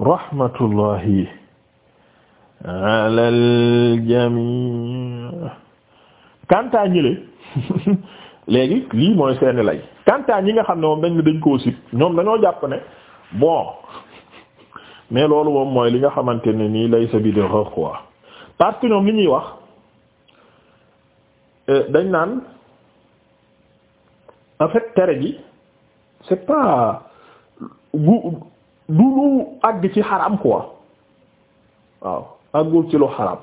rahmatullahi ala al-jamii kantaa ñële léegi lii mooy seeni lay kantaa ñi nga xam ne moom dañ ne dañ koo sib ñoom dañoo jàpp ne bon mais loolu moom mooy li nga xamante ne nii lay sa bidé ra quoi que ñoom li ñuy wax euh, dañ naan en tere gi c'est pas du lu àgg ci xaram quoi waaw àggul ci lu xaram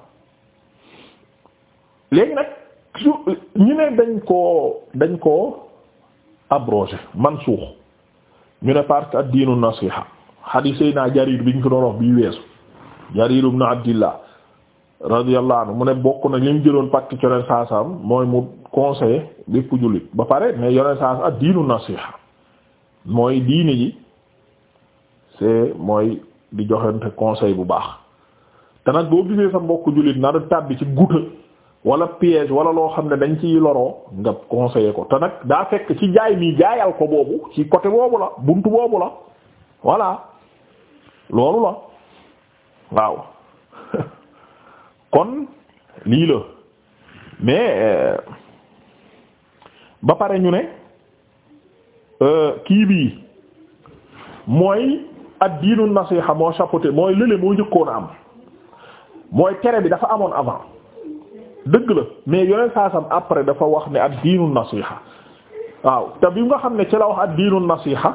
léegi nag ñu ne dañ koo dañ koo man mansuux ñu ne parce que ad-diinu nasiha xadiis yi naa Jarir bi ñu ko doon wax bii weesu Jarir ibn Abdillah radiyallahu anhu mu ne bokk na li mu jëloon pàcc ci yoneen saasaam mooy mu conseiller bépp jullit ba pare mais yoneen saasa ad-diinu nasiha mooy diini ji c'est mooy di joxante conseil bu baax te nag boo gisee sa mbokk jullit nar a ci guta wala piège wala loo xam ne dañ ci loro nga conseiller ko te nag daa fekk ci jaay mi jaayal ko boobu ci côté boobu la buntu boobu la voilà loolu la waaw kon lii la mais euh, ba pare ñu ne euh, kii bii mooy ak diinu nasiha moo chapeauté mooy lële moo njëkkoon a am mooy tere bi dafa amoon avant dëgg la mais yoneen saasam après dafa wax ne ak diinu nasiha waaw te bi nga xam ne ci la wax ak diinu nasiha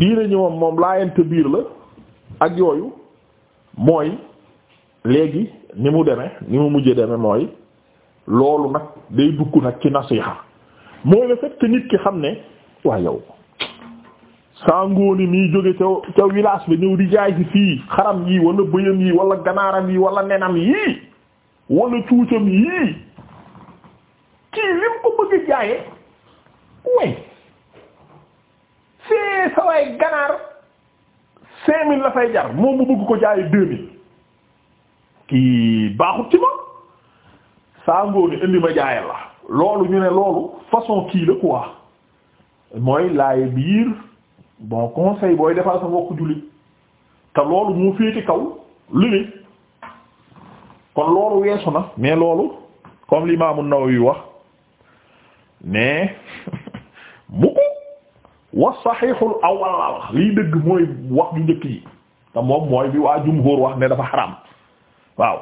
diine ñi moom moom laayante biir la ak yooyu mooy léegi ni mu demee ni mu mujjee demee mooy loolu nag day dugg nag ci nasiha mooy le fait nit ki xam ne waa yow sangooni mii jóge ca ca village ba di jaay ci fii xaram yii wala bëyam yii wala ganaaram yii wala nenam yii wala cuucam yii kii lim ko bëgg jaaye way see saway ganaar cinq mille la jar moom mu bëgg ko jaaye deux mille kii baaxut ci ma sangooni indi ma jaaye la loolu ñu ne loolu façon kii la quoi mooy laay biir bon conseil booy defal sa mbokku jullit te loolu mu féete kaw li kon loolu weesu na mais loolu comme l'imam an-Nawawi wax mais mu ko wa sahihul awwal la wax lii dëgg mooy wax ju njëkk yi te moom mooy bi waa jumhur wax ne dafa xaram waaw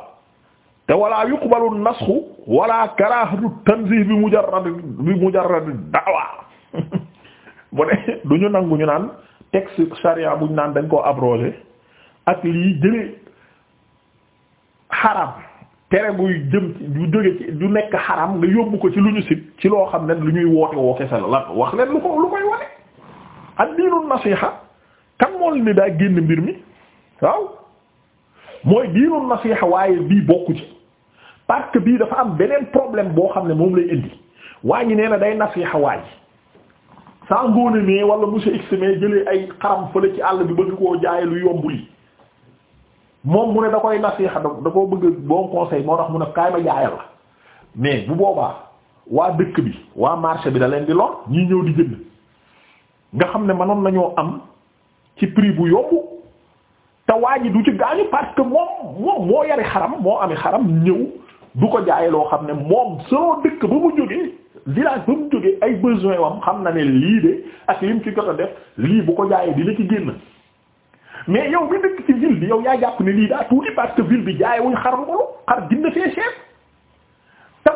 te wala yuqbalu an-nasxu wala karahatu tanzih bi mujarrad bi mujarrad da'wa bu ne du ñu nangu ñu naan texte charia bu naan dañ koo abrogé ak lii jële xaram tere buy jëm ci du jóge ci du nekk xaram nga yóbbu ko ci lu ñu sit ci loo xam ne lu ñuy woote woo kese la lan wax leen lu ko lu koy wane ak diinul nasiha kan moo leen ni daa génn mbir mi waaw mooy diinul nasiha waaye bii bokku ci parce bii dafa am beneen problème boo xam ne moom lay indi waa ñi nee na day nasiha waa sans ngóone mais wala monsieur x mais jëlee ay xaram fële ci àll bi bëgg koo jaaye lu yomb li moom mu ne da koy nasiixa da koo bëgg bon conseil moo tax mun a kaay ma jaayal la mais bu boobaa waa dëkk bi waa marché bi da leen di lor ñii ñëw di jënd nga xam ne manoon nañoo am ci prix bu yokku te waa ji du ci gaañu parce que moom moom moo yari xaram moo ami xaram ñëw du ko jaay loo xam ne moom soo dëkk ba mu jógee village ba mu jógee ay besoin wam xam na ne lii de ak lim ci jot a def lii bu ko jaayee dina ci génn mais yow bi dëkk ci ville bi yow yaa jàpp ne lii daa tuuti parce que ville bi jaay wuñ xar ngolu xar gin na fee cher te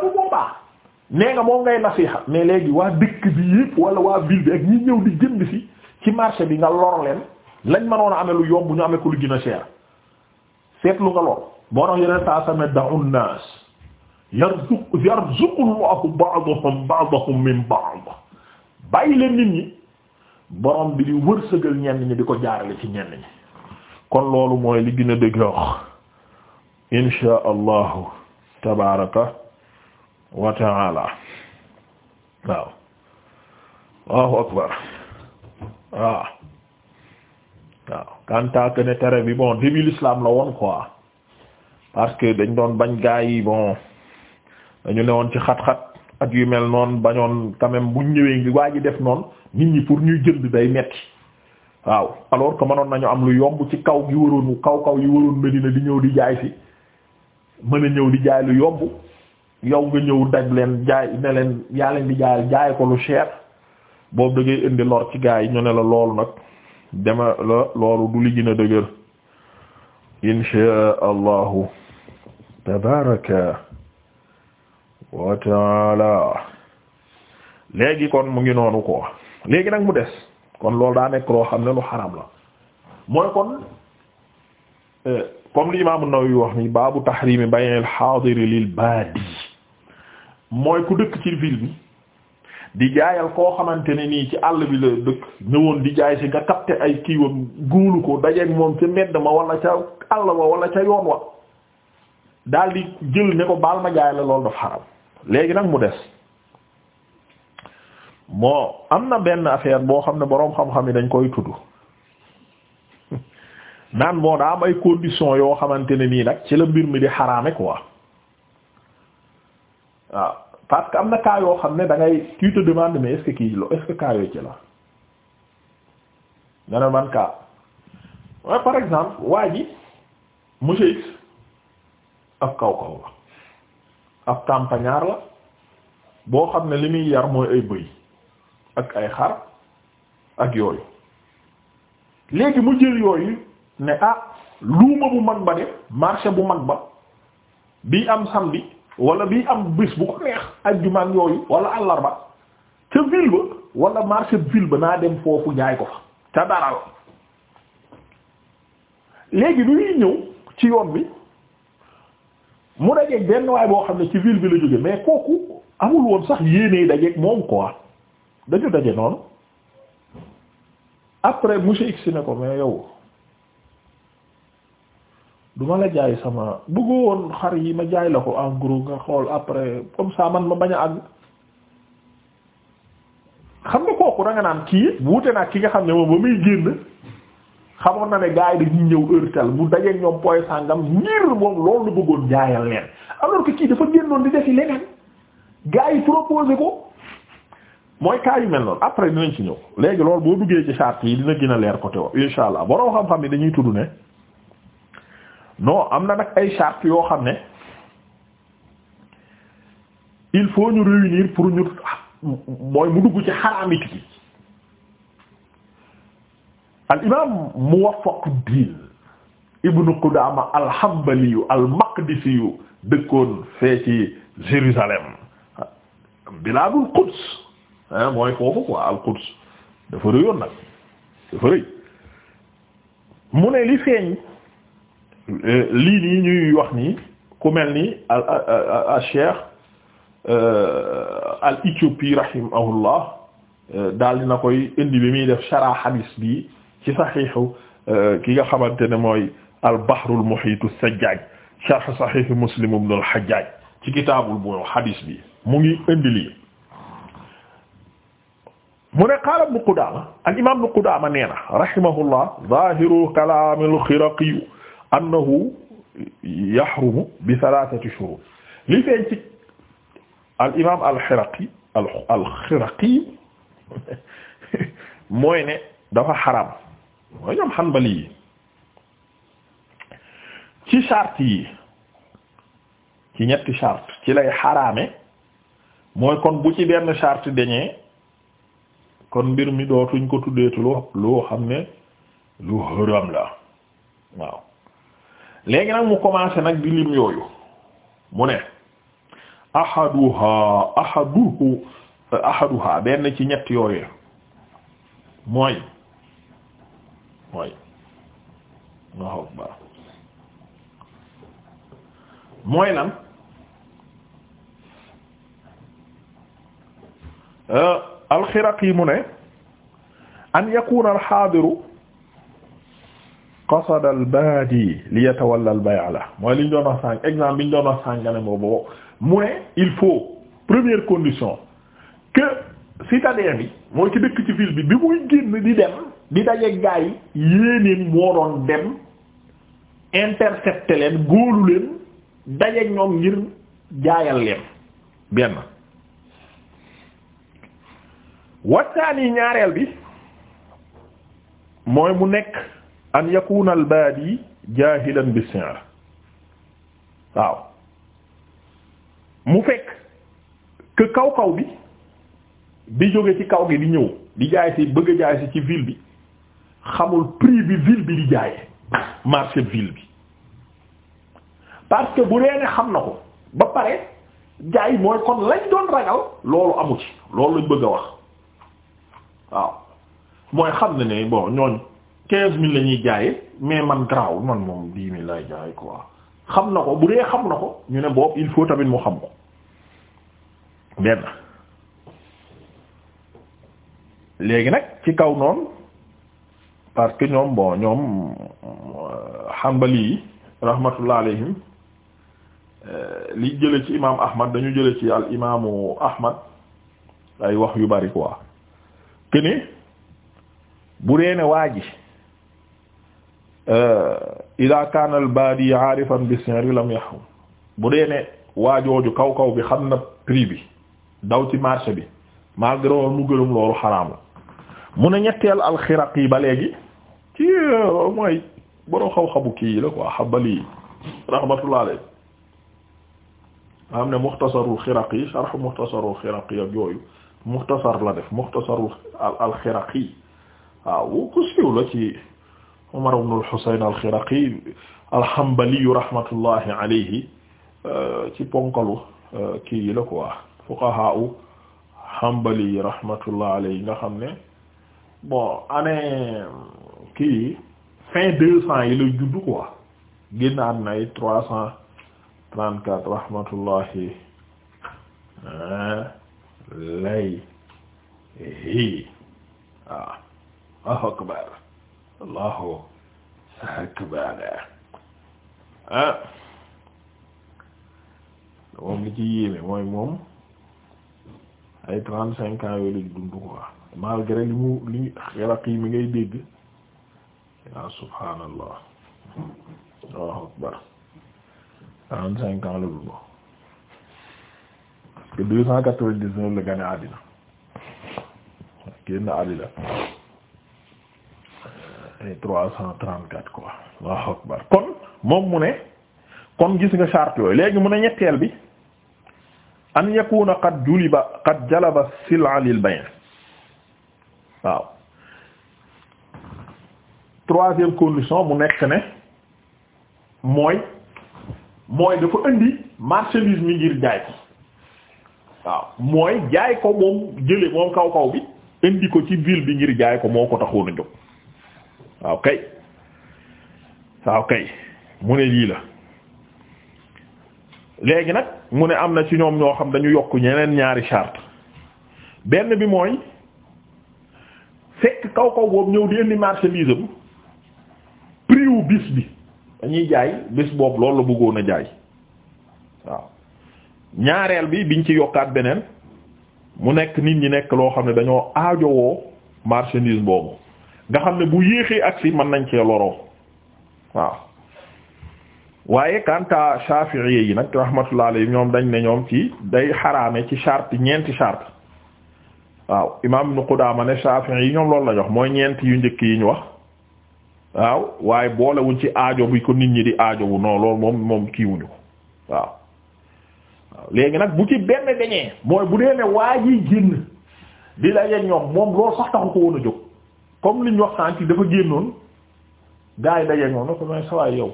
nga mais léegi waa dëkk bi yëpp wala waa bi ak ñi ñëw di jënd si marché bi nga lor leen lañ mënoon a amee lu yomb ñu amee ko lu gën a cher seetlu nga lool. boo tax yeneen saa sa ne da'u naas yarzuq yarzuqu Allahu ba'dahum ba'dahum min ba'd bàyyi leen nit ñi borom bi di wërsëgal ñenn ñi di ko jaarale ci ñenn ñi kon loolu mooy li gën a dëgër insha allahu tabaraka wa taala waaw allahu akbar waaw waaw kantaak ne tere bi bon début l'islam la woon quoi parce que dañ doon bañ gaa yi bon dañu ne woon ci xat-xat ak yu mel noonu bañoon quand même buñ ñëwee ngi waa ji def noonu nit ñi pour ñuy jënd day metti waaw alors que mënoon nañu am lu yomb ci kaw gi waroon kaw kaw yi waroon Medina di ñëw di jaay si mën a ñëw di jaay lu yomb yow nga ñëw daj leen jaay ne leen yaa leen di jaay jaay ko lu cher boobu dëggee indi lor ci gaa yi ñu ne la loolu nag dema la loolu du li gën a dëgër insha allahu tabaraka wa taala léegi kon mu ngi noonu ko léegi nag mu des kon loolu daa nekk loo xam ne lu xaram la mooy kon euh, comme li imaam An-Nawawi wax ni baabu tahrimi bay'il haadir lil baadi mooy ku dëkk ci ville bi di jaayal koo xamante ni nii ci àll bi la dëkk ñëwoon di jaay si nga capté ay kiiwam guulu ko dajeeg moom ca medd ma wala ca àll ba wala ca yoon wa daal di jël ne ko baal ma jaay la loolu dafa xaram léegi nag mu des moo am na benn affaire boo xam ne boroom xam-xam yi dañ koy tudd naan moo daa am ay conditions yoo xamante ne nii nag ci la mbir mi di xaraame ko waaw parce que am na cas yoo xam ne dangay ngay tu te demandes kii lo est-ce ci la nga ne man cas waaye par exemple waa ji monsieur X ak kaw kaw la ab campagnard la boo xam ne li muy yar mooy ay bëy ak ay xar ak yooyu léegi mu jël yooyu ne ah luuma bu mag ba de marché bu mag ba bii am samedi walla bii am bés bu ko neex ajjuma ak yooyu wala àllarba ca ville ba wala marché ville ba naa dem foofu jaay ko fa ca dara la léegi bi muy ñëw ci yoon bi mu dajeeg benn waay boo xam ne ci ville bi la jóge mais kooku amul woon sax yéenee dajeeg moom quoi dañu daje noonu après monsieur X ne ko mais yow du ma la jaay sama bëggu woon xar yi ma jaay la ko en gros nga xool après comme saa man ma bañ a àgg xam nga kooku da nga naan kii wuute naa ki nga xam ne moom ba muy génn xamoon na ne gaa yi dañuy ñëw heure telle bu dajee ñoom poy sàngam ngir moom loolu la bëggoon jaayal leen alors que kii dafa génnoon di defi leneen gars yi proposé ko mooy cas yu mel noonu après dinañ ci ñëw léegi loolu boo duggee ci charte yi dina gën a leer côté wa insha allah borom xam-xam yi dañuy tudd ne non am na nag ay charte yoo xam ne il faut ñu réunir pour ñu ah, mooy mu dugg ci xaraamit gi al imaam Muwaffaquddin ibnu Qudaama al-Hanbaliyu al-Maqdisiyu dëkkoon fee ci Jérusalem bilaadul Quds mooy foofu quoi al-Quds dafa rëyoon nag dafa rëy mu ne li feeñ euh, lii nii ñuy wax nii ku mel ni al al Cheikh euh, al Éthiopie rahimahullah euh, daal dina koy indi bi muy def sharah hadis bi. ci saxiixu euh, ki nga xamante ne mooy al-Bahrul Muhiitu Sajjaaj sharh Saxiix Muslim ibn al-Hajjaaj ci kitaabul bu hadis bi mu ngi indi lii mu ne qaala Ibnu Qudaama al-imaam Ibnu Qudaama nee na rahimahullah zaahiru kalaamil Xiraqi annahu yaxrumu bi salaasati shuruut li feeñ ci al-imaam al-Xiraqi al-Xiraqi mooy ne dafa xaram mooy ñoom xanbali yi ci charte yi ci ñetti charte ci lay xaraame mooy kon bu ci benn charte dañee kon mbir mi dootuñ ko tuddeetu loo loo xam ne lu haram la waaw léegi nag mu commencé nag di lim yooyu mu ne ahaduha ahaduha benn ci ñett yooyu mooy way mooy lan euh, alxiraqi mu ne an yakuna alxaadiru qasada albaadi li yatawalla albay' la mooy li ñu doon wax sànq exemple bi ñu doon wax sànq ne boobu mu ne il faut première condition que citadin bi mooy ci dëkk ci ville bi bi muy génn di dem di daje gaa yi yéenéen moo doon dem intercepter leen góolu leen ñoom ngir jaayal leen benn wattaani ñaareel bi mooy mu nekk an yakuna al baadi jaahilan bi waaw mu fekk que kaw kaw bi bi jóge ci kaw gi di ñëw di jaay si bëgg a jaay si ci ville bi xamul prix bi ville bi di jaayee marché ville bi parce que bu ree ne xam na ko ba pare jaay mooy kon lañ doon ragal loolu amu ci loolu lañ bëgg a wax waaw mooy xam na ne bon ñooñ quinze mille la ñuy jaayee mais man garaaw man moom dix mille lay xam na ko bu dee xam na ko ñu ne boobu il faut tamit mu xam ko benn léegi nag ci kaw noonu parce que ñoom bon ñoom xambali yi rahmatullah alayhim euh, li jële ci imam ahmad dañu jële ci al imaamu ahmad ay wax yu bari quoi que ne bu dee ne waa ji euh, ida kaana al baadi aarifan bi si'ri lam yahum bu dee ne waajooju kaw kaw bi xam na prix bi daw ci marché bi malgré woon mu gërëm loolu xaraam mu ne ñetteel alxiraq yi ba léegi ci euh, mooy boroo xaw-xabu kii la quoi xabali rahmatullah alayh am ne muxtasarul xiraqi sharh muxtasarul xiraqi ak yooyu muxtasar la def muxtasarul alxiraqi waaw ku siiw la ci Umar ibn al-Husayn al-Xiraqi al-Hanbali rahmatullahi alayhi euh, ci ponkalu euh, kii yi la nga xam ne ki fin deux cent yi la juddu quoi génn àddina ay trois cent trente quatre rahmatullahi ah, lay hi waaw ah, allahu akbar allahu akbar ah moom li ci yéeme mooy moom ay trente cinq ans yooyu la dund quoi malgré li mu li xelaq yi mi ngay dégg yaa subhaanallah Allahu akbar quarante la dund àddina génn àddina euh, trois cent trente-quatre quoi Allahu akbar kon moom mu ne kon gis nga charte yooyu léegi mu ne ñetteel bi an yakuna qad juliba qad jalaba sil'a lil bay' waaw troisième condition mu nekk ne mooy mooy dafa indi marchandise mi ngir jaay ko waaw mooy jaay ko moom jële moom kaw kaw bi indi ko ci ville bi ngir jaay ko moo ko taxoon a jóg waaw kay waaw kay mu ne lii la léegi nag mu ne am na ci ñoom ñoo xam dañu yokk ñeneen ñaari charte benn bi mooy fekk kaw kaw boobu ñëw di indi marchandise am bis bi dañuy jaay bis boobu loolu la bëggoon a jaay waaw ñaareel bi biñ ci yokkaat beneen mu nekk nit ñi nekk loo xam ne dañoo aajowoo marchandise boobu nga xam ne bu yéexee agsi mën nañ cee loroo waaw waaye kanta Shafi'i yi nag rahmatullah yi ñoom dañ ne ñoom ci day xaraame ci charte ñeenti charte waaw imam Ibn Qudama ne Shafi'i yi ñoom loolu la jox mooy ñeent yu njëkk yi ñu wax waaw waaye boolewuñ ci aajo bi ko nit ñi di aajowu non loolu moom moom kiiwuñu ko waaw waaw léegi nag bu ci benn dañee mooy bu dee ne waa ji génn di la yeen ñoom moom loolu sax taxu ko woon a jóg comme liñ wax sànq dafa génnoon gars yi daje ñoom na ko may sawaay yow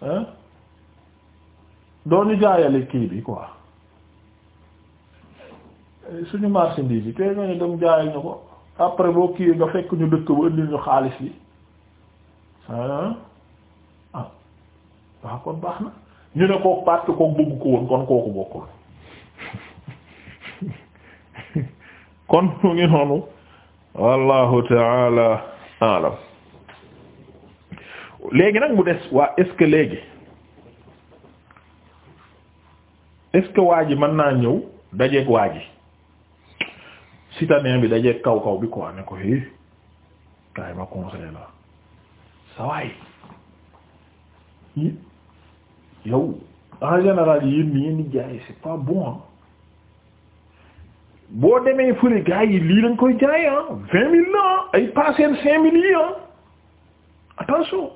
ah ñu jaayale kii bi quoi suñu marchandise bi te nga ne dem jaayal ñu ko après boo kii nga fekk ñu dëkk ba indi ñu xaalis yi ah waaw ah, kon baax na ñu ne kooku parce que kooku ko woon kon kooku bokkul kon mu ngi noonu wallahu taala alam léegi nag mu des waa est-ce que léegi est-ce que waa mën naa ñëw dajeeg waa bi dajeeg kaw kaw bi quoi ne ko hé kaay ma conseil la sa waay yow en général yéen ni yéen jaay c'est pas bon boo demee fële gars yi lii lañ koy jaay ah vingt ay passeen cinq mille yi ah attention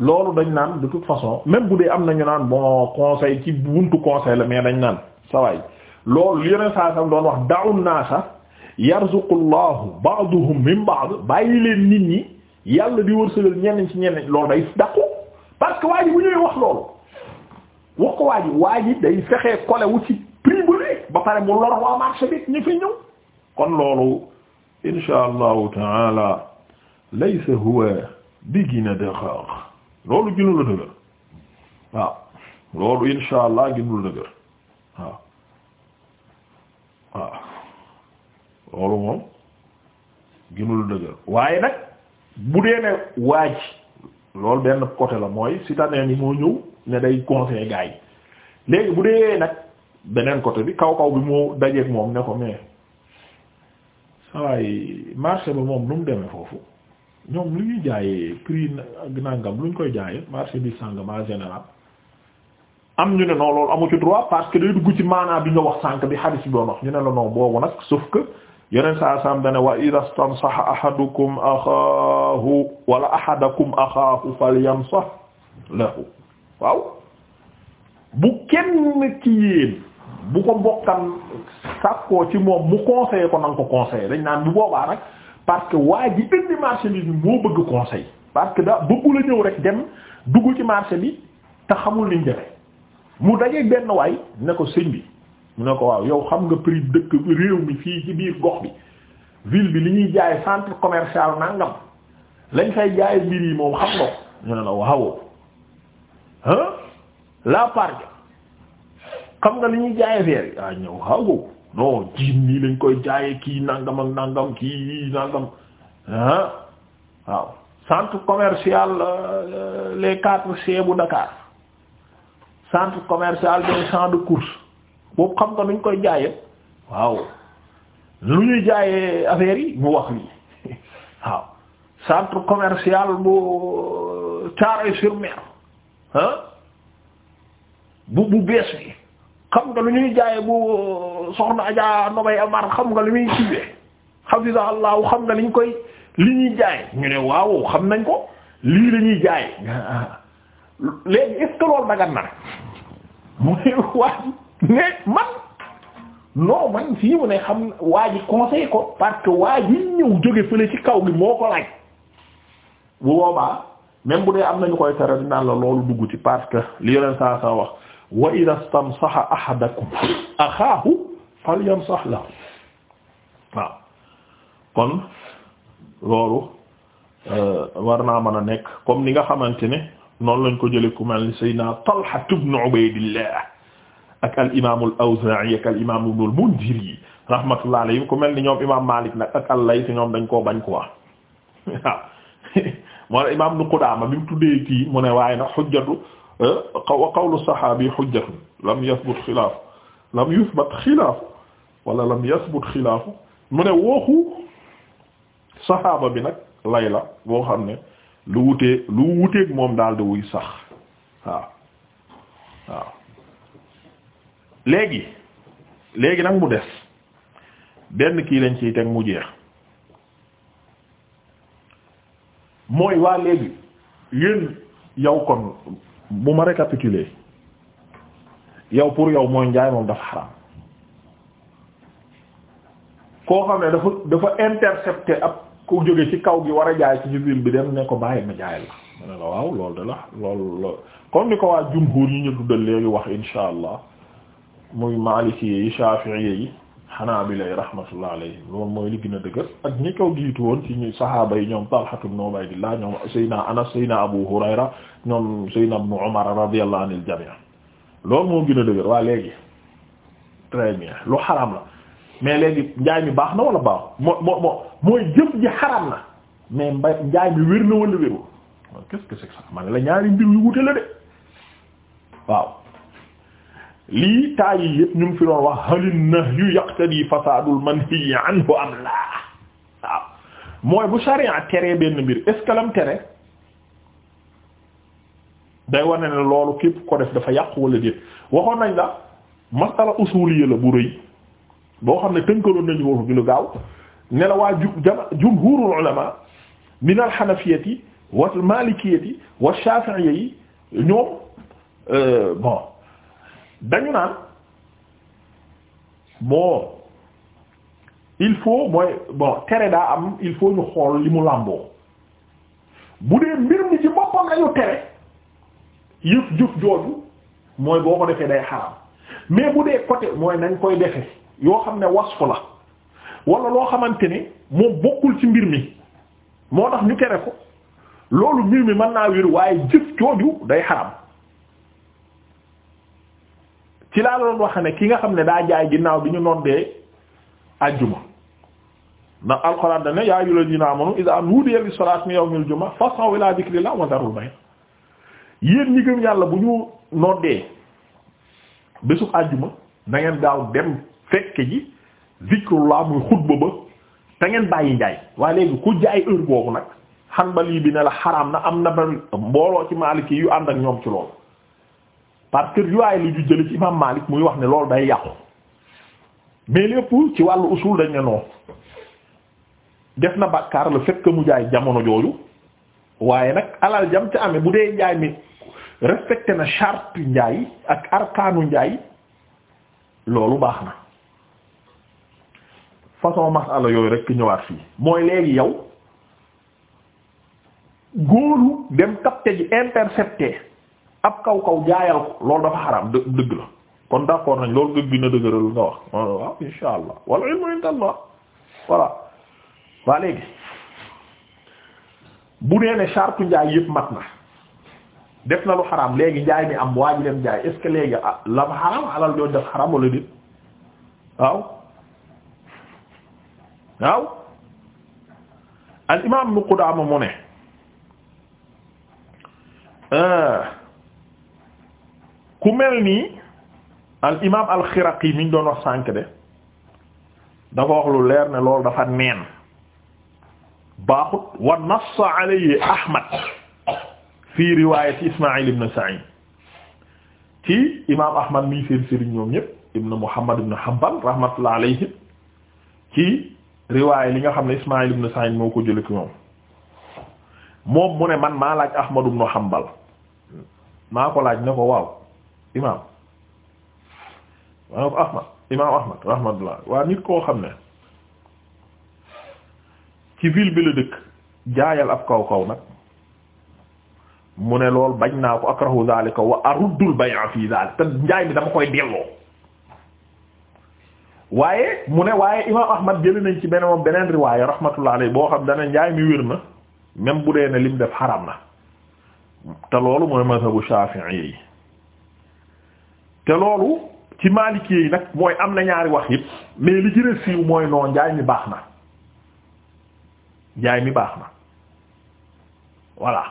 loolu dañ naan de toute façon même bu dee am nañu naan bon conseil ci buntu conseil la mais dañ naan sa waay loolu yeneen saa sam doon wax da'u naasa yarzuqullahu ba'dahum min ba'd bàyyi leen nit ñi yàlla di wërsëgal ñenn ci ñenn loolu day dàqu parce que waa bu ñëwee wax loolu wax ko waa ji day fexee kole wu ci prix ba pare mu lor waa marché bi ñu fi ñëw kon loolu insha allahu taala huwa bigina daqaq loolu loolu insha dëgër waaw waaw loolu moom gënu dëgër waaye nag bu dee ne waaj loolu benn côté la mooy citadin bi moo ñëw ne day conseiller gars yi léegi bu dee nag beneen côté bi kaw kaw bi moo dajeeg moom ne ko mais waaye marché ba moom lu mu demee foofu ñoom lu ñuy jaaye jaayee prix nangam lu ñu koy jaayee marché bi sàngam ma général am ñu ne non loolu amu ci droit parce que day dugg ci maanaa bi nga wax sànq bi hadith bi doon wax ñu ne la non boobu nag sauf que. yeneen saa saam dana wa idha istansaha ahadukum axaahu wala ahadakum axaahu falyamsah lahu waaw bu kenn kii yéen bu ko mbokkam sàkkoo ci moom mu conseillé ko nanga ko conseillé dañ naan bu boobaa nag parce que waa ji indi marché bi moo bëgg conseil parce que da bëggu la ñëw rek dem dugg ci marché bi te xamul liñ defe mu dajeeg benn waay ne ko sëñ bi mu ne ko waaw yow xam nga prix dëkk réew mi fii ci biir gox bi ville bi li ñuy jaay centre commercial nangam lañ fay jaay mbir yi moom xam nga ñu ne waaw la part xam nga li ñuy jaayee verre yi ah ñëw waaw non jiin nii lañ koy jaayee kii nangam ak nangam kii nangam ah waaw centre commercial euh, les quatre C bu Dakar centre commercial des champs de course. boobu xam nga nuñ koy jaayee waaw lu ñuy jaaye affaire yi mu wax lii waaw centre commercial bu euh, Thiaroye-sur-Mer bu bu bees bi xam nga lu ñuy jaaye bu euh, soxna Adja Nobay Amar xam nga lu muy kiiwee hafiza Allah xam nga liñ koy li ñuy jaayee ñu ne waaw xam nañ ko lii la ñuy jaayee léegi dagan na mu ne waaw. mais man non man fii mu ne xam waa ji conseil ko parce que waa ñëw jóge fële ci kaw gi moo ko laaj bu boobaa même bu dee am nañu koy tere dinaan la loolu dugg ci parce que li yoneen saa saa wax wa idha stamsaha ahadakum axaahu falyamsah la waaw kon loolu euh, war naa mën a nekk comme ni nga xamante ne noonu lañ ko jële ku mel ni Seydina Talha ibn Ubaydillah ak al imaam al Awzaa'i ak al imaam Ibnul Mundiri alayhi ku mel ni ñoom imaam Maalik nag ak al-Layth ñoom dañ koo bañ ko wax waaw moo la imaam Ibnu Qudaama bi mu tuddee kii mu ne waaye nag xujjatu eh, wa qawlu saxaabi xujjatu lam yasbut xilaaf lam yusbat xilaaf wala lam yasbut xilaaf mu ne waxu saxaaba bi nag lay la boo xam ne lu wutee lu wuteeg moom daal di wuy sax waaw léegi léegi nag mu des benn kii lañ ciy teg mu jeex mooy waa léegi yéen yow kon bu ma récapituler yow pour yow mooy njaay moom dafa xaram koo xam ne dafa dafa intercepter ab ku jóge ci kaw gi war a jaay ci biir bi dem ne ko bàyyi ma jaay la ma ne la waaw loolu de la loolu loolu comme ni ko waa jumhur yi ñu tuddal léegi wax insha allah muy Maliki yi Shafi'i yi Hanabila yi rahmatullah alayhim loolu mooy li gën a dëgër ak ñi kaw jiitu woon ci ñu saxaaba yi ñoom Talha ibn Ubaydillah ñoom Seydina Anas Seydina Abu Hurayra ñoom Seydina Ibn Umar radiyallahu anil jami' loolu moo gën a dëgër waa léegi très bien lu xaraam la mais léegi njaay mi baax na wala baax moo moo moo mooy jëf ji xaraam na mais njaay mi wér na wala wérul qu'est-ce que c'est ça la ñaari mbir yu wute la de waaw. lii taa yi ñu ngi fi doon wax halin nahyu yaqtadi fasadul manhi anhu am laa waaw mooy bu sharia teree benn mbir est-ce que lam tere day war ne ne loolu képp ko def dafa yàq walla déet waxoon nañ la masala usuliyya la bu rëy boo xam ne tënkaloon nañu ko fi lu gaaw ne la waa ju jama jumhurul ulama min al hanafiyyati wal malikiyyati wash ñoom euh, bon. dañu naan boo il faut mooy bon tere daa am il faut ñu xool li mu làmboo bu dee mbir mi ci boppam lañu tere yëf jëf jooju mooy boo ko defee day xaram mais bu dee côté mooy nañ koy defe yoo xam ne wasfu la wala loo xamante ni moom bokkul ci mbir mi moo tax ñu tere ko loolu mbir mi mën naa wér waaye jëf jooju day xaram ci laa doon wax ne ki nga xam ne daa jaay ginnaaw bi ñu noddee ajjuma ndax alxuraan da ne yaa ayyuhal lazina amanu idha nudiya lis salati min yawmil jumu'a fas'aw ila dhikrillahi wa dharul bay' yéen ñi yàlla bu ñu noddee bésub ajjuma na ngeen gaaw dem fekk ji zikrullah muy xutba ba te ngeen bàyyi njaay waaye léegi ku jaay heure boobu nag Hanbali bi ne la xaraam na am na ba mbooloo ci Maliki yu ànd ak ñoom ci loolu parce que riwaay lu ñu jële ci imam maalik muy wax ne loolu day yàqu mais lépp ci wàllu usul dañ ne noo def na bàkkaar le fait mu jaay jamono jooju waaye nag alal jam ca amee bu dee njaay mi respecté na charte njaay ak arkaanu njaay loolu baax na façon masala yooyu rek ñëwaat fii mooy léegi yow góoru dem capté ji intercepté ab kaw kaw jaayal ko loolu dafa xaraam dë dëgg la kon d'accord nañ loolu gëg gën a dëgëral nga wax waaw insha allah wal def na lu xaraam léegi njaay mi am waa ji dem jaay est ah al imam Ibn Qudama mu ne euh, ku mel nii al imaam al xiraqi mi ñu doon wax sànk de dafa wax lu leer ne loolu dafa neen baaxut wa nassa alayhi ahmad fi riwaayat ismail ibn sa'id ci imaam ahmad mii seen sëriñ ñoom ñëpp ibn muhammad ibn hanbal rahmatullah alayhi ci riwaaya li nga xam ne ismail ibn sa'id moo ko jële ki moom moom mu ne man maa laaj ahmad ibn hanbal maa ko laaj ne ko waaw imaam maanaam Ahmad imaam Ahmad rahmatullah waa nit koo xam ne ci ville bi la dëkk jaayal ab kaw kaw nag mu ne lool bañ naa ko akrahu zalika wa aruddul bay'a fi zalika te njaay mi dama koy delloo waaye mu ne waaye imaam Ahmad jëli nañ ci beneen moom beneen riwaaya rahmatullah alayhi boo xam dana njaay mi wér na même bu dee ne lim def xaram na te loolu mooy mazhabu Shafi'i yi te loolu ci Maliki yi nag mooy am na ñaari wax yëpp mais li ci re siiw mooy noo njaay mi baax na njaay mi baax na voilà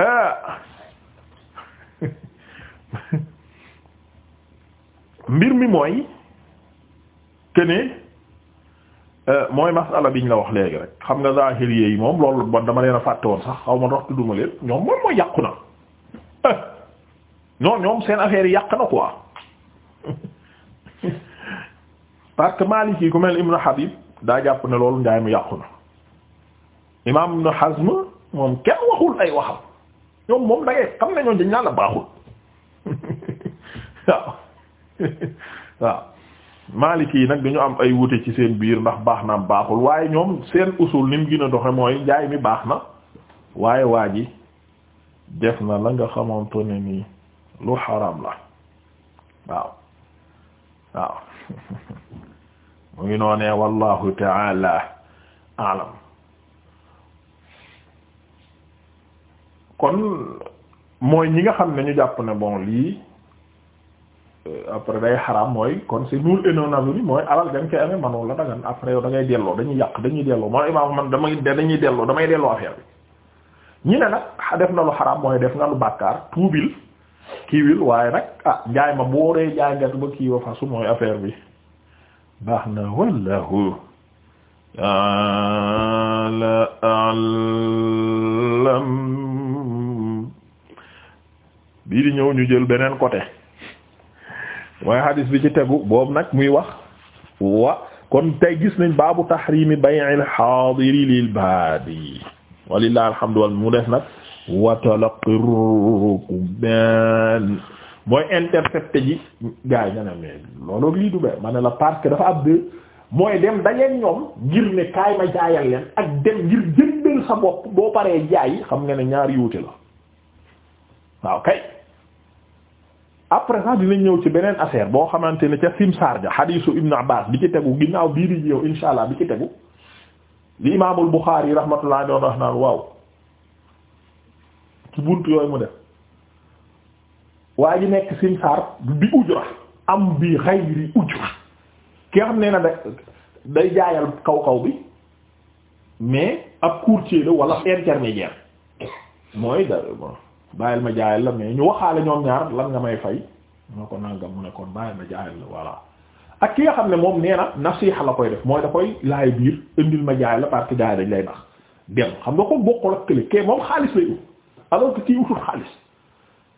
euh. mbir mi mooy que ne euh, mooy masala biñ la wax léegi rek xam nga zahiri yi moom loolu bon dama leen a fàtte woon sax xaw ma dox tudduma leen ñoom moom mooy yàqu na non ñoom seen affaire yi yàq na quoi parce que Maliki yi ku mel Ibn Habib daa jàpp ne loolu njaay mu yàqu na Imam na Hazm moom kenn waxul ay waxam ñoom moom da ngay xam ne ñoom dañ naan la baaxul waaw waaw nag dañu am ay wute ci seen biir ndax baax na am baaxul waaye ñoom seen usul ni mu gën doxe mooy njaay mi baax na waaye waa ji def na la nga xamante ne nii lu xaram la waaw waaw mu ngi noonee wallahu ta'ala a'lam kon mooy ñi nga xam ne ñu jàpp ne bon lii euh, après day xaraam mooy kon c'est nul et non avenu mooy alal dañ koy amee manul la dagan après yow da ngay delloo dañuy yàq dañuy delloo mooy imaam man damay dañuy delloo damay delloo affaire bi ñi ne nag def na lu xaraam mooy def nga lu bàkkaar tuubil kiiwil waaye nag ah jaay ma boo dee jaay nga ba kiiwa fa su mooy affaire bi baax na wallahu ta'ala a'lam di ñëw ñu jël beneen côté waaye hadis bi ci tegu boobu nag muy wax wa kon tey gis nañ baabu tahrimi bay'il haadiri lil baadi walillahi alhamdu mu def nag wa talaqqi rukbaan mooy intercepté ji gars yi nga ne mais loolu lii du be ma ne la parce que dafa ab de mooy dem dajeen ñoom ngir ne kaay ma jaayal leen ak dem ngir jëndal sa bopp boo paree jaay xam nga ne ñaari wuute la waaw kay après ça dina ñëw ci beneen affaire boo xamante ne ca simsaar ja xadiisu ibnu Abbaas bi ci tegu ginnaaw bii di ñëw insha allah bi ci tegu li imaamul Buxaari rahmatullah doon wax naan waaw ci bunt yooyu mu def waa ji nekk simsaar bi ujra am bi xayri ujra ki nga xam ne na da day jaayal kaw kaw bi mais ab courtier la wala intermédiaire mooy da bàyyil ma jaayal la mais ñu waxaale ñoom ñaar lan nga may fay ñoo ko nangam mu nekkoon kon bàyyil ma jaayal la voilà ak ki xam ne moom nee na nasiha la koy def mooy da koy laay biir indil ma jaay la parce que dañ lay nax dem xam nga ko bokkul ak kële kee moom xaalis lay alors que kii wutul xaalis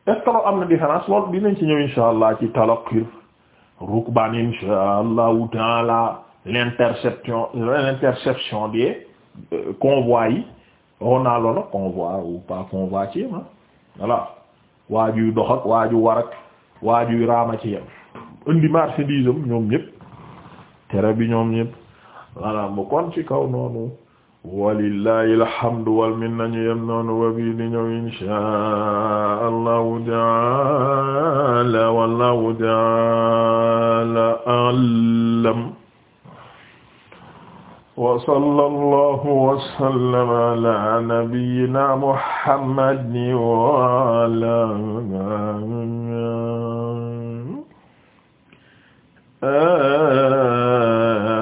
est am na différence loolu dinañ ci ñëw insha allah ci talaqi rukbaan insha allahu taala l'interception l'interception des euh, convois yi waxoon naa loolu convoi ou pas convoi ci yem voilà waajuy dox ak waaju war ak waajuy raama ci yem indi marchandise am ñoom ñëpp tere bi ñoom ñëpp voilà mu kon ci kaw noonu walillahi alhamdu wal minna ñu yem noonu wa bi di ñëw inshaa allahu taala wallahu taala a'lam wa sallallahu wa sallama ala nabiyyina muhammadin wa ala aalihi